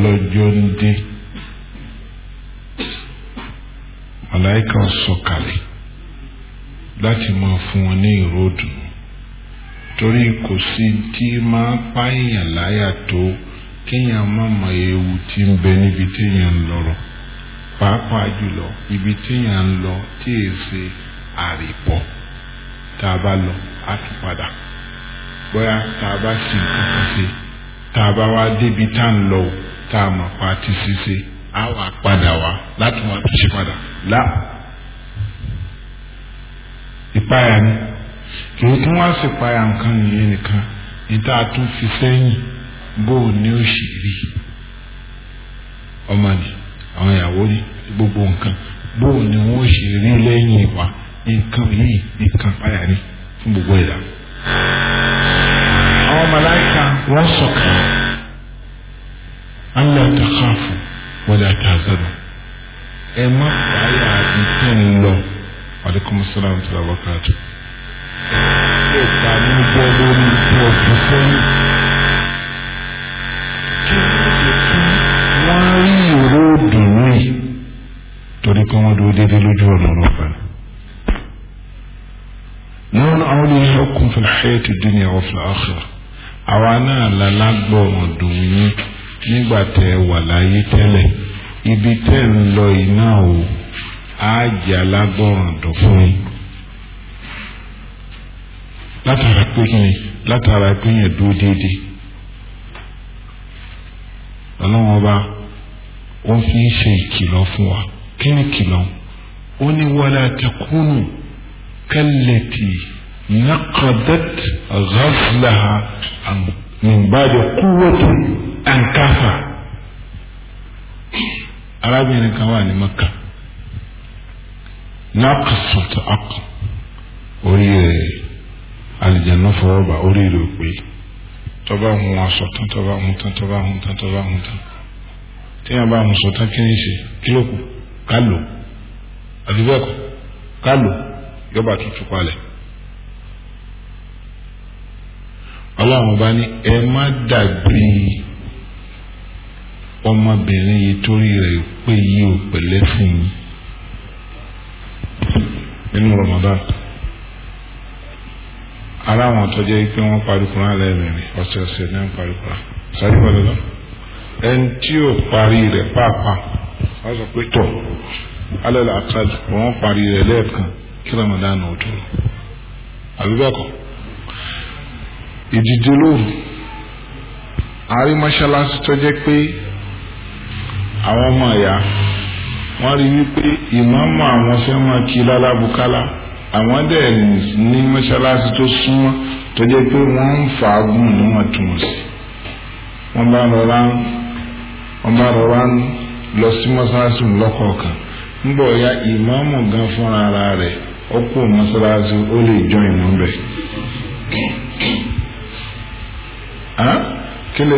ò ọba ti ń màláìka sọ̀kalẹ̀ láti máa fún wọn ní ìró dùnú torí kò sí tí máa pààyàn láyà tó kéèyàn má mọ ewu tí ń bẹ níbi téèyàn ń lọ́rọ̀ pàápàá jùlọ ibi téèyàn ń lọ tí è ṣe àrìpọ̀ tá a bá lọ á tún padà bóyá tá a bá sì nǹkan kan ṣe tá a bá wá débi tá à ń lọ tá a mọ̀ pa ti ṣiṣẹ́ á wà padà wá láti wọn tó ṣe padà lá ìpayà ni kì í tún wá sí ìpayà nǹkan nìyẹn nìkan níta tún fi sẹ́yìn bó o ní ó ṣì rí ọmọ ni àwọn ìyàwó ni gbogbo nǹkan bó o ní wọn ó ṣì lẹ́yìn wa nǹkan yìí nǹkan ìpayà ni fún gbogbo ìlà. àwọn màláíkà wọ́n sọ̀kan. ألا تخافوا wala tahzanu ẹ má báyà ìtẹ́ ń lọ aleykum salaam wa rahmatulah wakatu. ẹ bá mi bọ́ lórí bọ́ bọ́ sẹ́yìn. kí wọ́n rí ìró dùnú yìí torí pé wọ́n dúró déédéé lójú ọ̀nà ọlọ́pàá. nínú àwọn olùyẹ̀wò kún fún ṣẹ́ẹ̀tì dúnìyà wọ́n fún àkàrà àwa náà lálágbọ̀n ọ̀dùnmí nígbà tẹ wà láyé tẹ́lẹ̀ ibi tẹ́ ń lọ iná o á jẹ́ alágbọ̀ràn dùn fún yín látara pé yín látara pé yín dúró déédéé ọlọ́run ọba ó fi ń ṣe ìkìlọ̀ fún wa kí ni ìkìlọ̀ ó ní wala takunu kallati naqadat ghazlaha min ba'di ankafa arábìnrin kan wà ní maka nakasot ak orí rẹ̀ alìjẹnà fọwọ́bà orí rẹ̀ pé tọ́ba hun aṣọ tán tọ́ba hun tán tọ́ba hun hun tán téèyàn bá hun sọ tán kí ọmọbìnrin yìí torí rẹ̀ pé yìí ò pẹ̀lẹ́ fún yín nínú Ramadan ara àwọn tó jẹ́ pé wọ́n parí Kùránì lẹ́ẹ̀mẹrin ọ̀sẹ̀ọ̀sẹ̀ náà ń parí Kùránì sáré pẹ̀lú lọ ẹni tí ò parí rẹ̀ pàápàá wọ́n sọ pé tọ̀ alẹ́ làákàlù wọ́n parí rẹ̀ lẹ́ẹ̀kan kí Ramadan ò tó lọ àbí bẹ́ẹ̀ ìdíje lóru àrí mọ́ṣáláṣí tó pé àwọn ọmọ ẹ̀yà wọ́n rí wípé ìmáàmù àwọn fẹ́ máa kí lálábùkálá àwọn dẹ̀ ní mọ́ṣáláṣí tó súnmọ́ tó jẹ́ pé wọ́n ń fàágùn wọ́n bá rọra wọ́n bá rọra lọ sí mọ́ṣáláṣí lọ́kọ̀ọ̀kan gan fúnra ara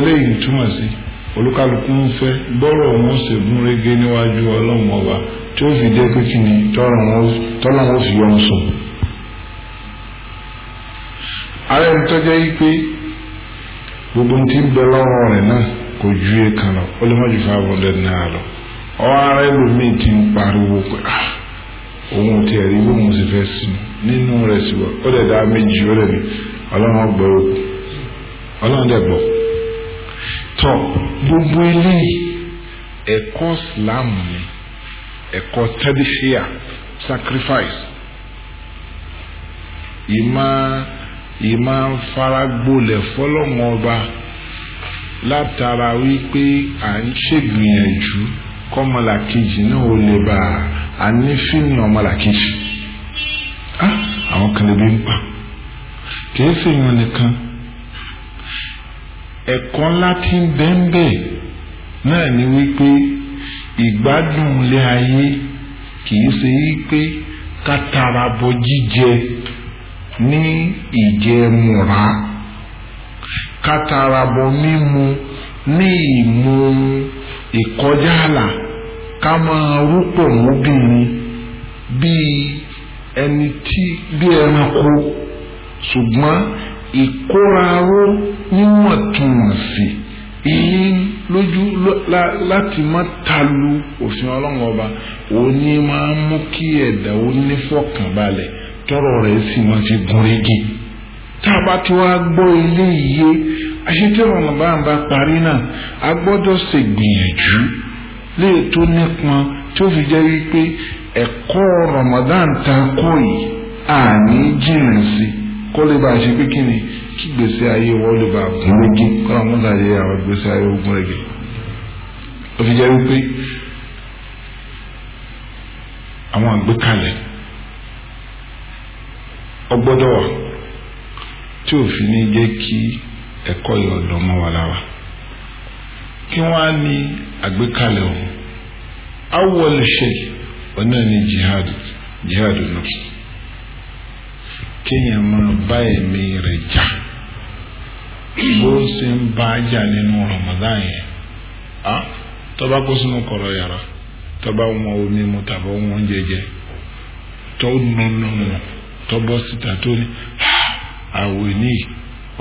rẹ̀ olúkálukú ń fẹ́ bọ́rọ̀ wọn ṣe gún níwájú ọlọ́run ọba tí ó fi jẹ́ pé kí ni tọ́lọ́run ó fi yọ ọ́n sùn. ara ẹni pé gbogbo ti ń bẹ lọ́rùn rẹ̀ náà kò ju èèkàn lọ ó lè má ju five hundred naira lọ ọ ara ẹlòmíì ti ń pariwo pé ah, òun ò tọ̀ gbogbo eléyìí ẹ̀kọ́ Islam ni ẹ̀kọ́ tẹ́lifíà sacrifice ìmá ìmá faragbolẹ̀ fọlọ́mọ ọba látara wípé à ń ṣègbìyànjú kọ́mọlàkejì náà ó lè bá a ní fíìmù ọmọlàkejì àwọn kan lè bí ń pa kì í sì yan nìkan. ẹ̀kọ́ ńlá tí ń bẹ ń náà ni wípé ìgbádùn ilé ayé kìí ṣe wípé ká tara bọ jíjẹ ní ìjẹmúra ká tara bọ mímu ní ìmú ìkọjá àlà ká máa rúpọ̀ mọ́bìnrin bíi ẹni tí bí ẹranko ṣùgbọ́n ìkóraró níwọ̀ntúnwọ̀nsì ìyín lójú láti má talu òfin ọlọ́run ọba òní máa ń mú kí ẹ̀dá onífọ̀kànbalẹ̀ tọrọ rẹ̀ sì máa fi gun régé tá a bá ti wá gbọ́ ilé yìí àṣetẹ́rọ̀ nàbà ń bá parí náà a gbọ́dọ̀ ṣègbìyànjú léè tó nípọn tí ó fi jẹ́ wípé ẹ̀kọ́ Ramadan ta kọ́ yìí àní jìnnà sí i. kó lè bá a ṣe pé kí ni kí gbèsè ayé wọn lè bá a kún lógún kó àwọn láyé gbèsè ayé ogun rẹ̀ ó fi jẹ́ wípé àwọn àgbékalẹ̀ ọgbọ́dọ̀ wà tí òfin ní jẹ́ kí ẹ̀kọ́ yọ ọ̀dọ̀ mọ́ wa lára kí wọ́n á ní àgbékalẹ̀ ọ̀hún ṣe ọ̀nà ní kéèyàn máa bá ẹ̀mí rẹ̀ jà bó ṣe ń bá a jà nínú Ramadan yẹn tọ́ba kó sínú kọ̀rọ̀ yàrá tọ́ba wọn omi mu tàbí wọn jẹjẹ tó nùnú síta tó ní ní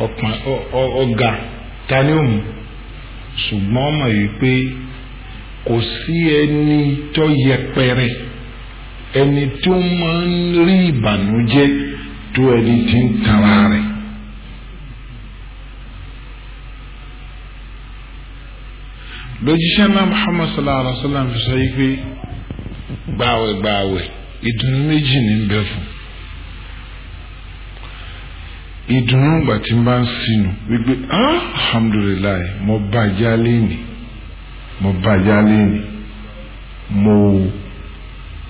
ọ̀gá tó ẹni tí ń tara rẹ̀. lójíṣẹ́ náà muhammad sallallahu alaihi wa sallam fi sọ yìí pé gbààwẹ̀ gbààwẹ̀ ìdùnnú méjì ní bẹ fún ìdùnnú gbà tí n bá ń sinu wípé ah, alhamdulilayi mo bàjá léni mo bàjá léni mo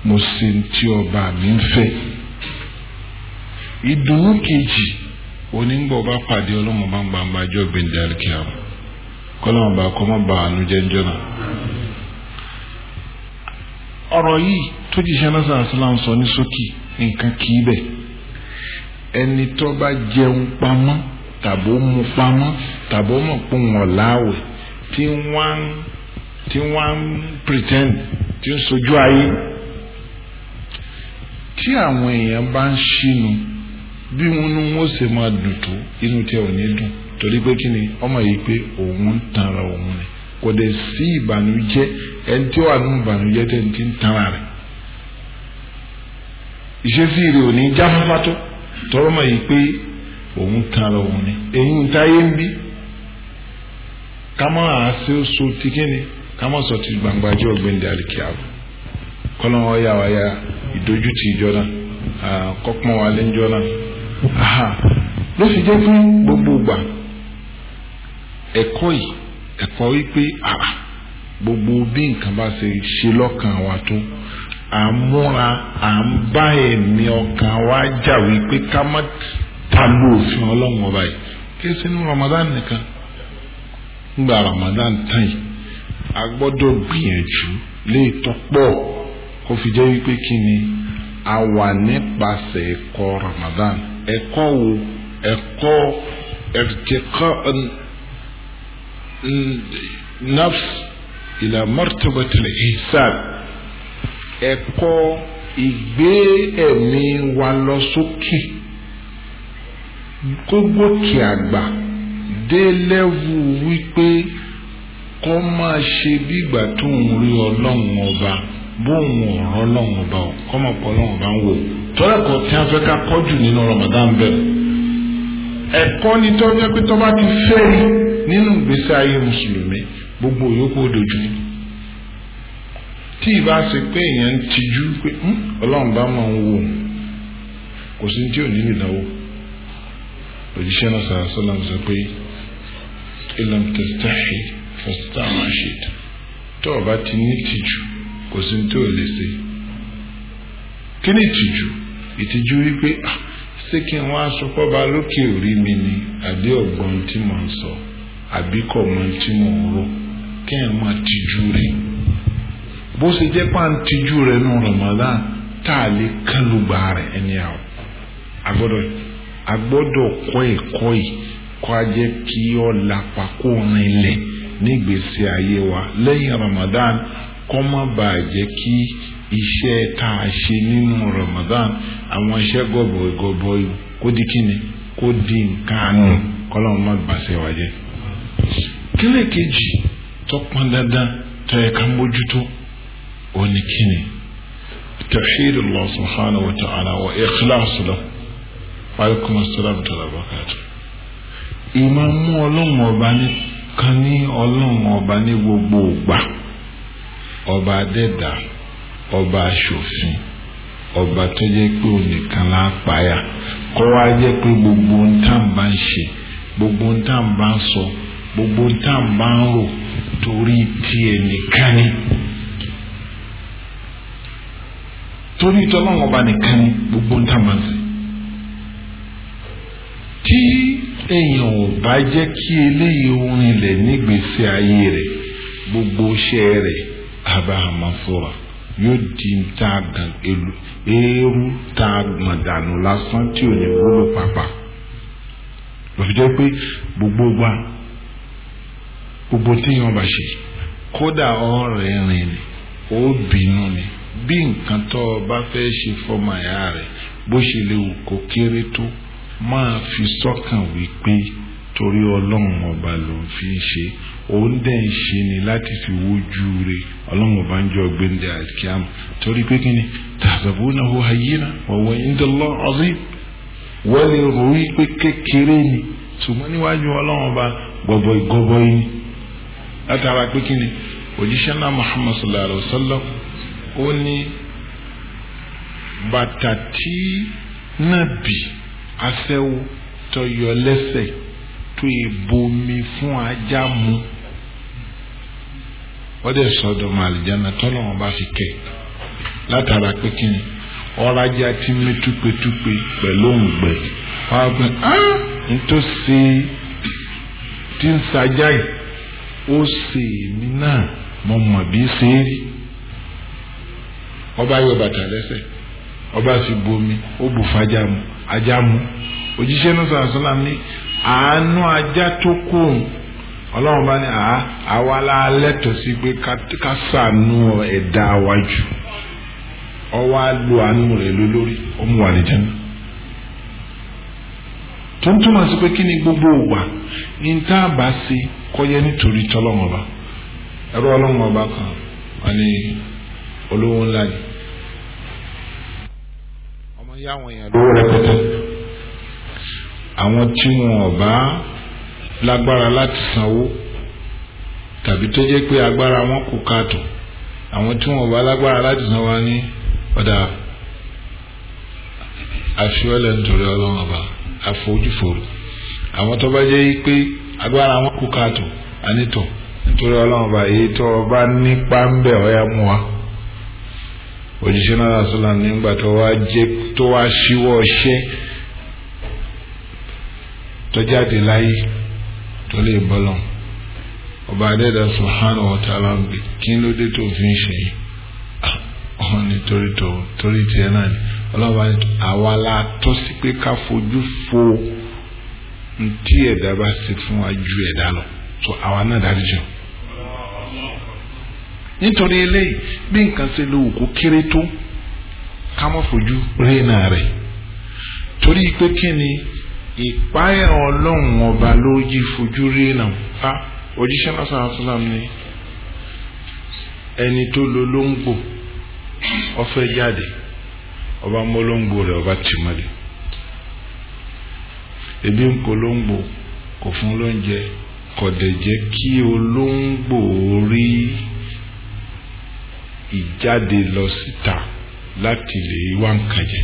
mo ṣe tí ọba mi ń fẹ́ ìdùnnú kejì onígbà ọba pàdé ọlọ́run bá ń gbangba jọ gbẹ̀ndẹ̀ alikiam kọ́lọ́run bá kọ́ mọ́ bá àánú jẹ́njọ́ náà. ọ̀rọ̀ yìí tó jíṣẹ́ náà sàásìláàmù sọ ní sókè nǹkan kì í bẹ̀ ẹni tó bá jẹun pamọ́ tàbó mu pamọ́ tàbó mọ̀ pé wọ́n láwẹ̀ tí wọ́n tí wọ́n ń pretend tí ń sojú ayé tí àwọn èèyàn bá ń ṣínú. bí wọn wọn ṣe máa dùn tó inú tí ò ní dùn torí pé kí ni ọmọ yìí pé òun ń tanra òun ni kò dẹ̀ sí ìbànújẹ ẹni tí ó wà nínú ìbànújẹ́ tẹ̀ ń tanra rẹ ìṣesí ò ní tọrọ mọ̀ yìí pé òun tanra òun ni èyí ń táyé ń bí ká so ti ni ká sọ ti gbangba wáyà ìdójútì ìjọ náà wa náà. ló fi jẹ́ pé gbogbo ìgbà ẹ̀kọ́ yìí ẹ̀kọ́ wípé gbogbo bí nǹkan bá ṣe ṣe lọ́kàn wa tó à ń múra à ń bá ẹ̀mí ọkàn wa jà wípé ká má ta lu òfin ọlọ́run ọba yìí sínú Ramadan nìkan nígbà Ramadan tán yìí a gbọ́dọ̀ gbìyànjú léètọ́ kó fi jẹ́ wípé kí ni Ramadan. ẹ̀kọ́ wo ẹ̀kọ́ ẹ̀rìtẹ̀kọ́ nafs ìlà martabatul ihsan ẹ̀kọ́ ìgbé ẹ̀mí wa lọ sókè gbogbo kí àgbà dé lẹ́wù wípé kó máa ṣe bí ìgbà tó ń rí ọlọ́run ọba bóun ọ̀rọ̀ ọlọ́run ọba kọ́mọ̀pọ̀ ọlọ́run ọba ń wò ó tọ́lá kan tí a fẹ́ ká kọ́jù nínú Ramadan bẹ̀rẹ̀ ẹ̀kọ́ ni tọ́jú pé tọ́ba ti fẹ́ẹ̀rí nínú ìgbésí ayé mùsùlùmí gbogbo yòókù dojú tí ìbá ṣe pé èèyàn ń tijú pé hmm, ọlọ́run bá máa ń wò kò sí tí ò ní ìnáwó òjíṣẹ́ náà sàrà sọ́lá sọ pé ilam testahi fastamashid tó o bá ti ní tìjú kò sí tí ò lè ṣe kí ni tìjú ìtìjú wípé ah, ṣé kí n wá sọpọ́ ba lókè orí mi ni àbí ọ̀gbọ́n tí mò ń sọ àbí kọ̀ mọ́ tí mò ń rò kí n máa tìjú rẹ̀ bó ṣe jẹ́ pà ń tìjú rẹ̀ nù Ramadan tá a lè kálùgbà rẹ̀ ẹni àwọn agbọ́dọ̀ agbọ́dọ̀ kọ́ ẹ̀kọ́ yìí kọ́ a jẹ́ kí ọ lapa kó rin nígbèsè ayé wa lẹ́yìn Ramadan kọ́ má bàa jẹ́ kí iṣẹ́ tá a ṣe nínú Ramadan àwọn iṣẹ́ gọbọi gọbọi kó di kíni kó di nǹkan àánú hmm. kọlọ́run má gbàṣẹ wa jẹ. kílẹ̀ kejì tó pọn dandan tó yẹ ká mójútó òní kíni tafsir Allah subhanahu wa ta'ala wa ikhlas la alaikum assalam tó la bàkàtà. ọlọ́run ọba ní kan ní ọlọ́run ọba ní gbogbo ògbà ọba adẹ́dàá. ọba aṣòfin ọba tó jẹ́ pé onìkan la pààyà jẹ́ pé gbogbo ń ṣe gbogbo ń sọ gbogbo ń n bá ń rò torí ti ẹnìkan ni torí ọba nìkan gbogbo nta tá ń sè tí èèyàn ò bá jẹ́ kí eléyìí gbogbo iṣẹ́ rẹ̀ yóò di tá a gàn eérú tá a gbọ̀n dànù lásán tí ò ní wúlò pàpà lọ́fi jẹ́ pé gbogbo wa gbogbo téèyàn bá ṣe kódà ọ̀rọ̀ ẹ̀rìn ni ó bínú ni bí nǹkan tó o bá fẹ́ ṣe fọmọ ẹ̀yà rẹ̀ bó ṣe lè wù kó kéré tó máa fi sọ́kàn wípé torí ọlọ́run ọba ló ń ṣe é òun dẹ̀ ń ṣe ni láti fi wojú re ọlọ́run ọba ń jọ gbẹ̀ndẹ̀ àkíyàmù torí pé kíni tàbí náà náà inda Allah azim wọ́n lè rò wí pé kékeré ni ṣùgbọ́n níwájú ọlọ́run ọba gbọ̀bọ̀ ìgọ̀bọ̀ yìí látara pé kíni òjíṣẹ́ náà Muhammad sallallahu alayhi wa sallam ó ní bàtà tí nàbì aṣẹ́wó tọyọ lẹ́sẹ̀ tó ìbomi fún ajá mu. wọ́n dẹ̀ sọ̀dọ̀ màlìjáná tọ́lọ́wọ́n bá fi kẹ́ látara pé kí ni ọ̀rajà ti mí túpetúpe pẹ̀lú òǹgbẹ wọ́n á pè ah n tó ṣe tí ń sajá yìí ó ṣe èmi náà mo mọ̀ bí ṣe é rí ọba yọ bàtà lẹ́sẹ̀ ọba sì bomi ó bù fàjà mu ajá mu òjíṣẹ́ náà sọ̀rọ̀ sọ́lá ní àánú ajá tó kóun ọlọ́run bá ní à àwa la lẹ́tọ̀ọ́ sí pé ká sànú ẹ̀dá wa jù ọwọ́ á lo àánú rẹ̀ lólórí ó mú wa lè jẹun tó ń túmọ̀ sí pé kí ni gbogbo ògbà ní tá a bá ṣe kọ́yẹ́ nítorí tọ́lọ́run ọba ẹ̀rọ ọlọ́run ọba kan wọn ni olówó ńlá ni ọmọ yá àwọn lówó rẹpẹtẹ àwọn tí wọn ọba lágbára láti sanwó tàbí tó jẹ́ pé agbára wọn kò kàtó àwọn tí wọn bá lágbára láti sanwó wa ní ọ̀dà àfiọ́lẹ̀ nítorí ọlọ́run ọba àfojúfòrò àwọn tó bá jẹ́ pé agbára wọn kò kàtó anítọ̀ nítorí ọlọ́run ọba èyí tó ọba nípa ń bẹ̀ ọ̀yà mú wa òjíṣẹ́ náà sọ́la nígbà tó wá jẹ́ tó wá ṣíwọ́ ṣẹ́ tó jáde láyé. tó lè bọ́lọ̀ ọba adẹ́dà subhanahu wa ta'ala gbé kí ló dé tó fi ń ṣe ọ̀hún ni torí tó torí tiẹ̀ náà ni ọlọ́ba àwa la tọ́ sí pé ká fo ntí ẹ̀dá bá ṣe fún wa ju ẹ̀dá lọ tó àwa náà dárí jù nítorí eléyìí bí nǹkan ṣe lè wù kéré tó ká má fojú rí náà rẹ̀ ìpáyà ọlọ́run ọba ló jí fojú rí nà á òjíṣẹ́ lásán àtúnlá ni ẹni tó lo lóńgbò ọfẹ́ jáde ọba mọ́ lóńgbò rẹ̀ ọba tì mọ́lẹ̀ ebi ń polóńgbò kò fún lóúnjẹ kò dẹ̀ jẹ́ kí olóńgbò rí ìjáde lọ síta láti lè wá nǹkan jẹ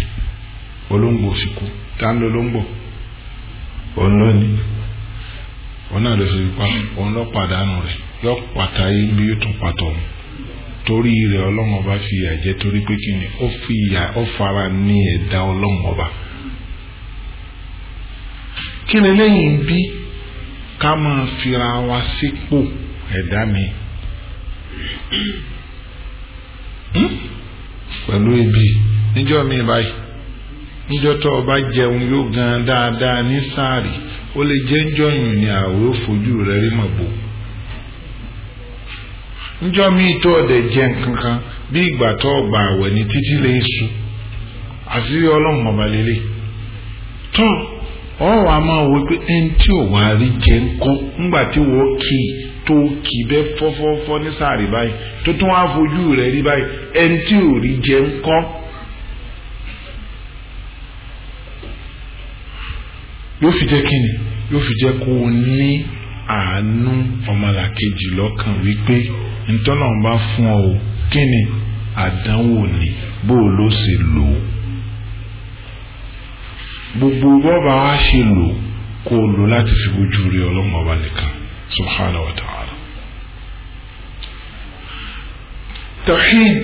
olóńgbò sì kú tá ń lo olóńgbò. òun ló ní òun náà ló sì pa òun ló pàdánù rẹ̀ yọ pàtà yìí bí pàtó torí rẹ̀ ọlọ́run fi ìyà torí pé kí ni ó fi ìyà ó fara ní ni lẹ́yìn bí ká mi hmm? pẹ̀lú níjọ́ tó o jẹun yóò gan dáadáa ní sáàrì ó lè jẹ́ njọ́yìn ní àwẹ̀ ó fojú rẹ̀ rí mọ̀ bò njọ́ tó ọ̀dẹ̀ jẹ nkankan bí ìgbà tó ọgbà àwẹ̀ ní títí lè ọba lélẹ̀ tó a máa wọ pé ẹni tí ò wá rí ńgbà tí wọ́n kì í tó kì í bẹ́ fọ́fọ́fọ́ ní sáàrì báyìí tó tún wá fojú rẹ̀ rí báyìí ẹni tí yóò fi jẹ́ kíni yóò fi jẹ́ kó o ní àánú ọmọlàkejì lọ́kàn wípé ntọ́nà ń bá fún ọ o kíni àdánwò ni bó o ló ṣe lò ó gbogbo bọ́ba wa ṣe lò kó o lò láti fi bójú rí ọlọ́mọ ọba nìkan subhanahu wa ta'ala. tawhid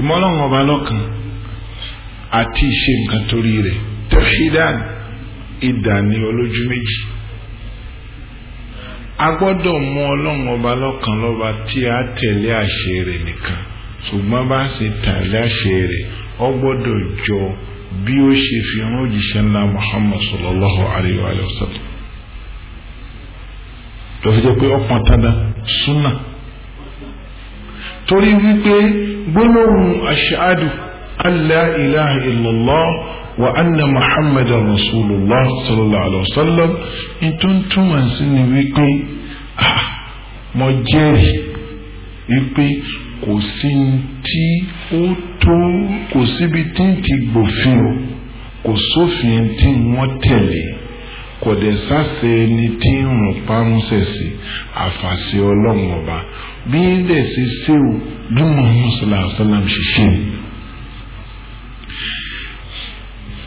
ìmọ̀lọ́mọ lọ́kàn àti ìṣe nǹkan torí rẹ̀ tawhidan. idà ní olójú méjì a gbọ́dọ̀ mú ọlọ́run ọba lọ́kàn lọ́ba tí a tẹ̀lé àṣẹ rẹ̀ nìkan ṣùgbọ́n bá ṣe tẹ̀lé àṣẹ rẹ̀ ọ gbọ́dọ̀ jọ bí ó ṣe fi hàn òjíṣẹ́ ńlá Muhammad sallallahu alayhi wa lọ́sọ̀ jẹ́ pé ọ̀pọ̀n tada súnà torí wípé gbólóhùn wa anna muhammadan rasulullah sallallahu alayhi wa sallam ìtúntúmọ̀ sí ni wípé ah, mo jẹ́rìí wípé kò sí tí ó tó kò síbi tí ń ti gbòfin o kò sófin tí wọ́n tẹ̀lé kò dẹ̀ sáṣẹ ẹni tí ń rùn párúnṣẹ̀ sí àfàṣẹ ọlọ́run ọba bí ń dẹ̀ ṣe ṣé o dúnmọ̀ mùsùlùmí ṣiṣẹ́ ni.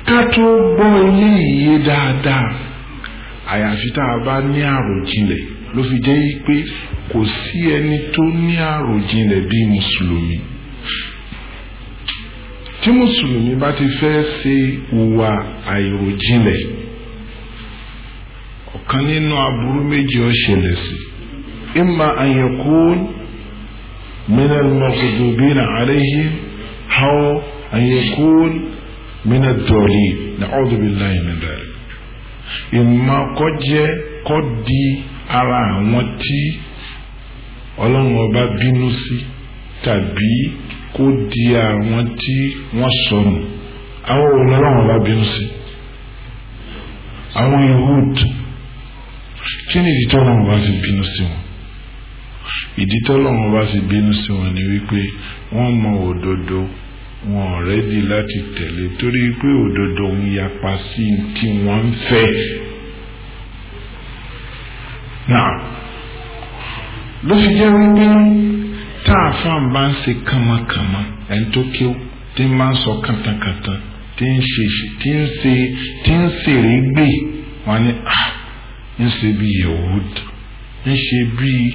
ká tó gbọ́ ilé yìí dáadáa àyàfi tá a bá ní àròjinlẹ̀ ló fi jẹ́ pé kò sí ẹni tó ní àròjinlẹ̀ bíi mùsùlùmí tí mùsùlùmí bá ti fẹ́ ṣe ìwà àìròjinlẹ̀ ọ̀kan nínú aburú méjì ó sí imma an yakun min al-maghdubina alayhim aw mina dọ̀lì na'udhu billahi min dhalik ìmọ̀ kọ́ jẹ́ kọ́ di ara àwọn tí ọlọ́run ọba bínú sí tàbí kó di àwọn tí wọ́n sọnù àwọn ọlọ́run ọba bínú sí àwọn Yehud kí ni ìdí tọ́lọ́run ọba fi fi bínú sí wọn ni wípé wọ́n mọ òdodo wọn rẹ́dí láti tẹ̀lé torí pé òdodo ń yapa sí tí wọ́n ń fẹ́. náà ló fi jẹ́ wípé tá a fáwọn bá ń ṣe kánmọ́kánmọ́ ẹni tó kí ó tí ń máa ń sọ kàtàkàtà tí ń ṣe tí ń ṣe tí ń ṣèrè gbé wọn ni ah ń ṣe bí Yehudi ńṣe bíi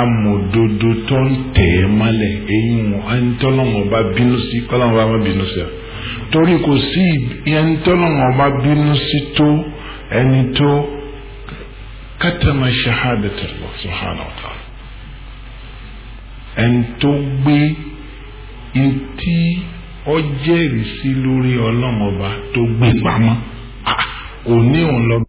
amòdodo tó ń tẹ̀ ẹ́ mọ́lẹ̀ eyín ẹni tọ́lọ́mọ bá bínú sí kọ́lọ́mọ bá má bínú sí ọ torí kò sí ẹni tọ́lọ́mọ bá bínú sí tó ẹni tó kátàmà ṣahadàtà lọ subhanahu wa ta'ala gbé etí ọjẹ́rìí sí lórí ọlọ́mọba tó gbé pamọ́ òní òun